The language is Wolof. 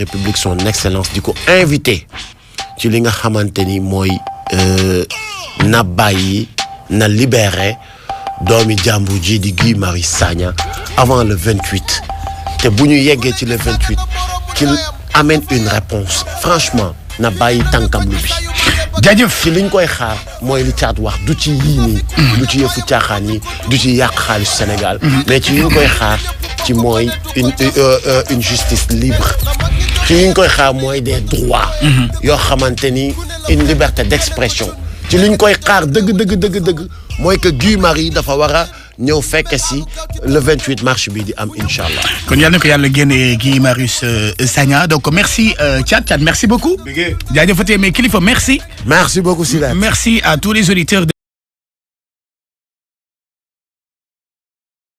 république son excellence du coup invité ci li nga xamanteni moy euh na bàyyi na libéré doomi jàmbur ji di Guy Marie Sagna avant le 28 té buñu ñu ci le 28 qu'il amène une réponse franchement na bàyyi tànkam lu bi jaajëf ci liñ koy xaar moy li caat wax du ci yi ni mm. du ci yëfu caaxaan yi du ci yak xaalis Sénégal mm-hmm. mais ci ñu koy xaar ci mooy une euh, euh, une justice libre ci li ñu des droits mhm. yoo xamante maintenir une liberté d'expression ci li ñu koy xaar dëgg dëgg dëgg que Guy Marie dafa war ñeu fekk si le 28 mars bi di am inshallah kon yalla ko yàlla génne Guy Marius euh, Sagna donc merci chat chat merci beaucoup. jaajëfatee mais kilifa merci. merci beaucoup Sylla. merci à tous les auditeurs.